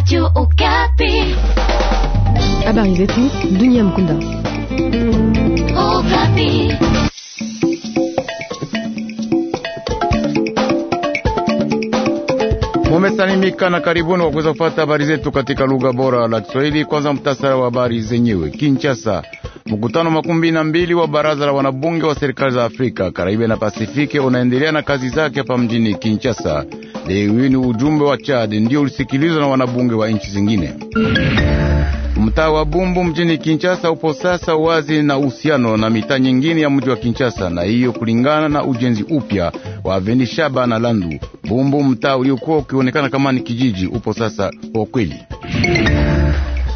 Radio Okapi. Habari zetu dunia mkunda. Okapi. Mumesalimika na karibuni kwa kuweza kupata habari zetu katika lugha bora la Kiswahili. Kwanza mtasara wa habari zenyewe. Kinshasa, mkutano makumi na mbili wa baraza la wanabunge wa serikali za Afrika, Karaibe na Pasifiki unaendelea na kazi zake hapa mjini Kinshasa ni ujumbe wa Chad ndio ulisikilizwa na wanabunge wa nchi zingine. Mtaa wa Bumbu mjini Kinshasa upo sasa wazi na uhusiano na mitaa nyingine ya mji wa Kinshasa, na hiyo kulingana na ujenzi upya wa aveni Shaba na Landu. Bumbu, mtaa uliokuwa ukionekana kama ni kijiji, upo sasa kwa kweli.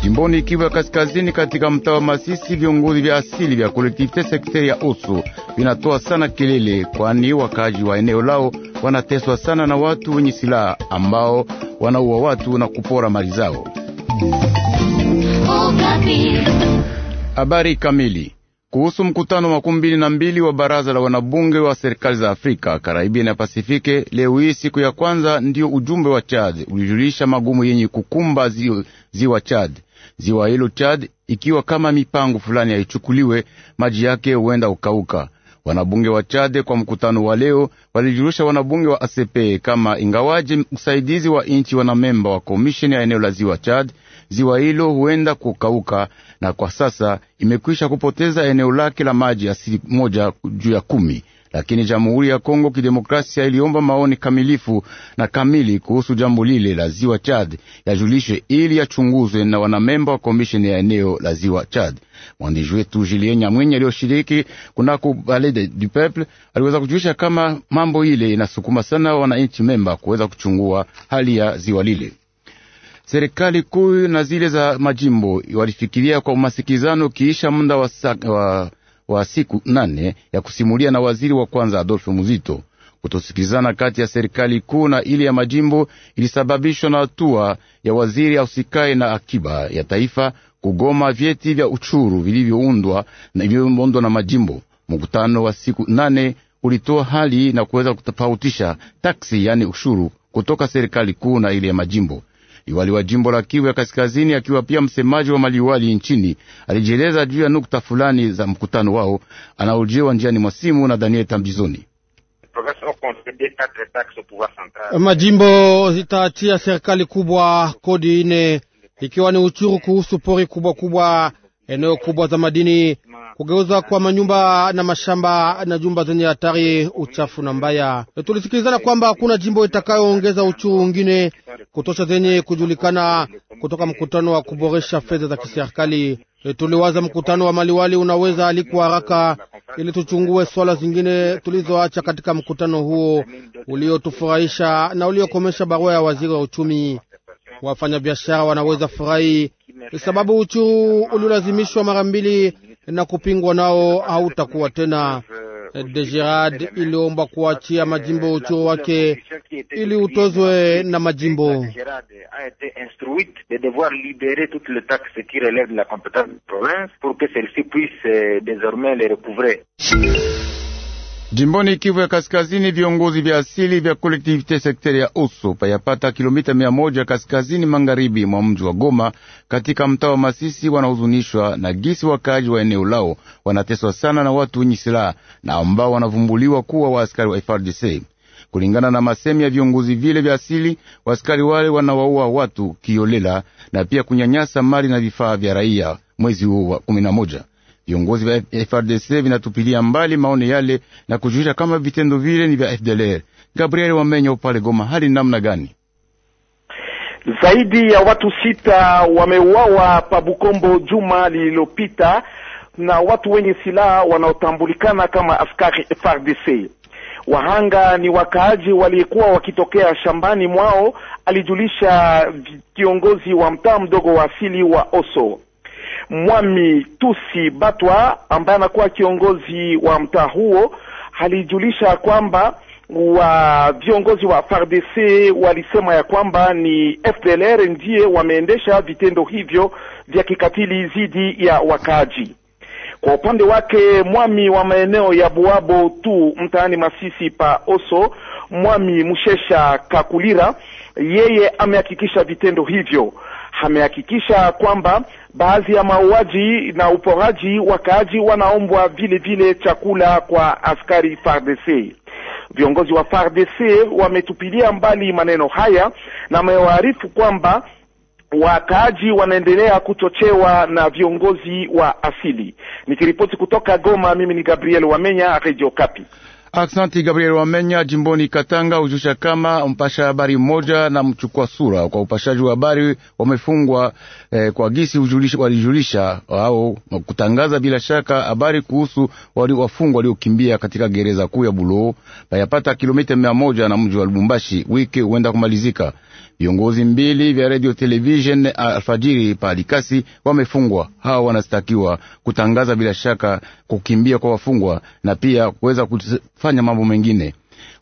Jimboni Kivu ya Kaskazini, katika mtaa wa Masisi, viongozi vya asili vya kolektivite sekteri ya Oso vinatoa sana kelele, kwani wakaji wa eneo lao wanateswa sana na watu wenye silaha ambao wanaua watu na kupora mali zao. Habari kamili kuhusu mkutano wa makumi mbili na mbili wa baraza la wanabunge wa serikali za Afrika, Karaibi na Pasifiki leo hii siku ya kwanza, ndio ujumbe wa Chad ulijulisha magumu yenye kukumba ziwa zi Chad. Ziwa hilo Chad, ikiwa kama mipango fulani haichukuliwe, maji yake huenda ukauka. Wanabunge wa Chade kwa mkutano wa leo walijulisha wanabunge wa ACP kama ingawaje usaidizi wa nchi wanamemba wa komisheni ya eneo la ziwa Chad, ziwa hilo huenda kukauka na kwa sasa imekwisha kupoteza eneo lake la maji asili moja juu ya kumi lakini Jamhuri ya Kongo Kidemokrasia iliomba maoni kamilifu na kamili kuhusu jambo lile la ziwa Chad yajulishwe ili yachunguzwe na wanamemba wa komisheni ya eneo la ziwa Chad. Mwandishi wetu Julien Nyamwenye aliyoshiriki kunako Balede du Peuple aliweza kujulisha kama mambo ile inasukuma sana wananchi memba kuweza kuchungua hali ya ziwa lile. Serikali kuu na zile za majimbo walifikiria kwa umasikizano kiisha muda wa, wa wa siku nane ya kusimulia na waziri wa kwanza Adolfo Muzito. Kutosikilizana kati ya serikali kuu na ile ya majimbo ilisababishwa na hatua ya waziri ausikae na akiba ya taifa kugoma vyeti vya uchuru vilivyoundwa na, vilivyoundwa na majimbo. Mkutano wa siku nane ulitoa hali na kuweza kutofautisha taksi, yani ushuru kutoka serikali kuu na ile ya majimbo. Liwali wa jimbo la Kivu ya Kaskazini, akiwa pia msemaji wa maliwali nchini, alijieleza juu ya nukta fulani za mkutano wao, anaojiwa njiani mwa simu na Daniel Tambizoni. Majimbo zitaachia serikali kubwa kodi ine, ikiwa ni uchuru kuhusu pori kubwa kubwa, eneo kubwa za madini kugeuza kwa manyumba na mashamba na jumba zenye hatari, uchafu na mbaya. Tulisikilizana kwamba hakuna jimbo itakayoongeza uchuru wengine kutosha zenye kujulikana kutoka mkutano wa kuboresha fedha za kiserikali. Tuliwaza mkutano wa maliwali unaweza alikuwa haraka, ili tuchungue swala zingine tulizoacha katika mkutano huo uliotufurahisha na uliokomesha barua ya waziri wa uchumi. Wafanyabiashara wanaweza furahi sababu uchuru uliolazimishwa mara mbili na kupingwa nao hautakuwa tena. Gerard iliomba kuachia majimbo uchuo wake ili utozwe na majimbo. Jimboni Kivu ya Kaskazini, viongozi vya asili vya kolektivite sekteri ya uso payapata kilomita mia moja kaskazini magharibi mwa mji wa Goma katika mtaa wa Masisi wanahuzunishwa na gisi wakaaji wa eneo lao wanateswa sana na watu wenye silaha na ambao wanavumbuliwa kuwa waaskari wa FRDC. Kulingana na masemi ya viongozi vile vya asili, waaskari wale wanawaua watu kiolela na pia kunyanyasa mali na vifaa vya raia mwezi huu wa kumi na moja Viongozi vya FRDC vinatupilia mbali maoni yale na kujulisha kama vitendo vile ni vya FDLR. Gabriel Wamenya upale Goma, hali namna gani? Zaidi ya watu sita wameuawa pa Bukombo juma lililopita na watu wenye silaha wanaotambulikana kama askari FRDC. Wahanga ni wakaaji waliokuwa wakitokea shambani mwao, alijulisha kiongozi wa mtaa mdogo wa asili wa Oso. Mwami Tusi Batwa ambaye anakuwa kiongozi wa mtaa huo alijulisha kwamba wa viongozi wa FARDC walisema ya kwamba ni FDLR ndiye wameendesha vitendo hivyo vya kikatili dhidi ya wakaaji. Kwa upande wake mwami wa maeneo ya Buabo tu mtaani Masisi pa Oso, mwami Mushesha Kakulira, yeye amehakikisha vitendo hivyo amehakikisha kwamba baadhi ya mauaji na uporaji wakaaji wanaombwa vile vile chakula kwa askari FARDC. Viongozi wa FARDC wametupilia mbali maneno haya na wamewaarifu kwamba wakaaji wanaendelea kuchochewa na viongozi wa asili. Nikiripoti kutoka Goma, mimi ni Gabriel Wamenya, Radio Kapi. Aksanti Gabriel Wamenya jimboni Katanga hujusha kama mpasha habari mmoja na mchukua sura kwa upashaji wa habari wamefungwa eh, kwa gisi walijulisha au kutangaza bila shaka habari kuhusu wafungwa waliokimbia katika gereza kuu ya Bulo payapata kilomita mia moja na mji wa Lubumbashi, wiki huenda kumalizika. Viongozi mbili vya radio television alfajiri pa Likasi wamefungwa. Hawa wanastakiwa kutangaza bila shaka kukimbia kwa wafungwa na pia kuweza kufanya mambo mengine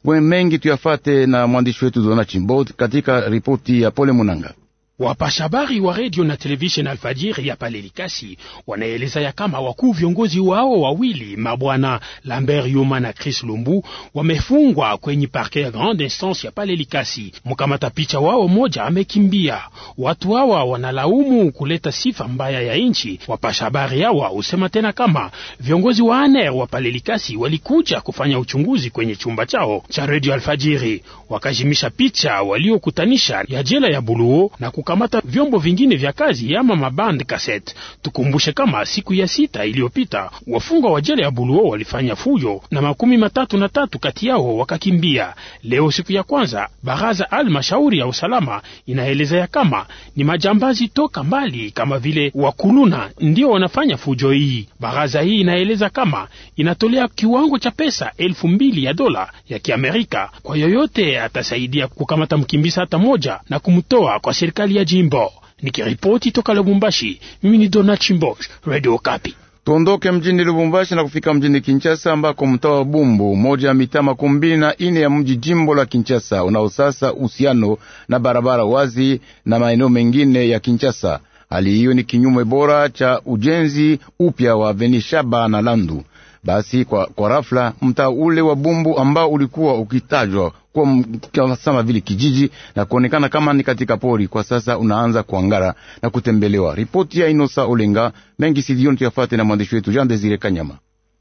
we mengi tuyafate na mwandishi wetu Zona Chimbot katika ripoti ya Pole Munanga. Wapashabari wa redio na televisheni Alfajiri ya pale Likasi wanaeleza ya kama wakuu viongozi wao wawili mabwana Lambert Yuma na Chris Lumbu wamefungwa kwenye parke ya grande instance ya pale Likasi. Mkamata picha wao moja amekimbia. Watu hawa wanalaumu kuleta sifa mbaya ya nchi. Wapashabari hawa husema tena kama viongozi waane wa pale Likasi walikuja kufanya uchunguzi kwenye chumba chao cha redio Alfajiri, wakajimisha picha waliokutanisha ya jela ya Buluo na kuka kukamata vyombo vingine vya kazi ama maband cassette. Tukumbushe kama siku ya sita iliyopita wafungwa wa jela ya Buluo walifanya fujo na makumi matatu na tatu kati yao wakakimbia. Leo siku ya kwanza, baraza almashauri ya usalama inaeleza ya kama ni majambazi toka mbali kama vile wakuluna ndio wanafanya fujo hii. Baraza hii inaeleza kama inatolea kiwango cha pesa elfu mbili ya dola ya Kiamerika kwa yoyote atasaidia kukamata mkimbisa hata moja na kumtoa kwa serikali ya ya jimbo. Nikiripoti toka Lubumbashi, mimi ni Donat Chimbosh, Radio Kapi. Tuondoke mjini Lubumbashi na kufika mjini Kinshasa ambako mtaa wa Bumbu, moja ya mitaa makumi mbili na ine ya mji jimbo la Kinshasa, unao sasa uhusiano na barabara wazi na maeneo mengine ya Kinshasa. Hali hiyo ni kinyume bora cha ujenzi upya wa Venishaba na Landu. Basi kwa, kwa rafla mtaa ule wa Bumbu ambao ulikuwa ukitajwa kwa sama vile kijiji na kuonekana kama ni katika pori, kwa sasa unaanza kuangara na kutembelewa. Ripoti ya Inosa Olenga mengi sidioni tuyafate na mwandishi wetu Jean Desire Kanyama.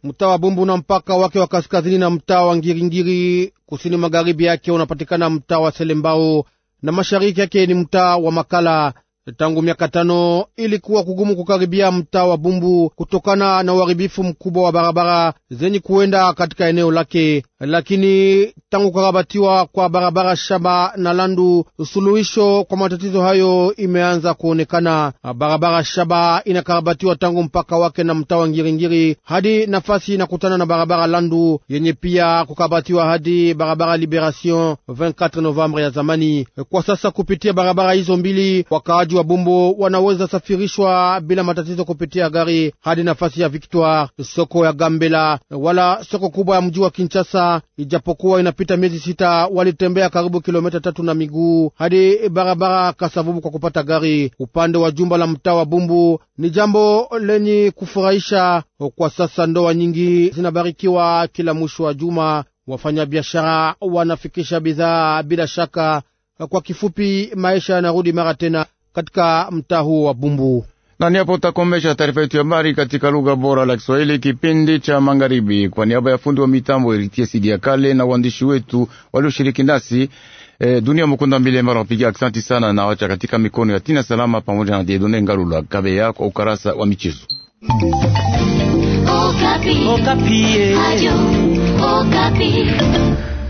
Mtaa wa Bumbu na mpaka wake wa kaskazini na mtaa wa Ngiringiri, kusini magharibi yake unapatikana mtaa wa Selembao na mashariki yake ni mtaa wa Makala. Tangu miaka tano ilikuwa kugumu kukaribia mtaa wa Bumbu kutokana na uharibifu mkubwa wa barabara zenye kuenda katika eneo lake lakini tangu kukarabatiwa kwa barabara Shaba na Landu, suluhisho kwa matatizo hayo imeanza kuonekana. Barabara Shaba inakarabatiwa tangu mpaka wake na mtawa Ngiringiri hadi nafasi inakutana na barabara Landu yenye pia kukarabatiwa hadi barabara Liberation 24 Novembre ya zamani. Kwa sasa kupitia barabara hizo mbili, wakaaji wa Bumbu wanaweza safirishwa bila matatizo kupitia gari hadi nafasi ya Victoire, soko ya Gambela wala soko kubwa ya mji wa Kinshasa ijapokuwa inapita miezi sita, walitembea karibu kilomita tatu na miguu hadi barabara Kasavubu kwa kupata gari upande wa jumba la mtaa wa Bumbu. Ni jambo lenye kufurahisha kwa sasa, ndoa nyingi zinabarikiwa kila mwisho wa juma, wafanyabiashara wanafikisha bidhaa bila shaka. Kwa kifupi, maisha yanarudi mara tena katika mtaa huo wa Bumbu. Na niapo takomesha taarifa yetu ya habari katika lugha bora la Kiswahili, kipindi cha magharibi, kwa niaba ya fundi wa mitambo Eritie Sidi ya Kale na waandishi wetu walioshiriki nasi. e, dunia Mukunda Mara wapiga aksanti sana na wacha katika mikono ya Tina Salama pamoja na Diedone Ngalula ya kwa ukarasa wa michezo Okapi. Okapi. Eh.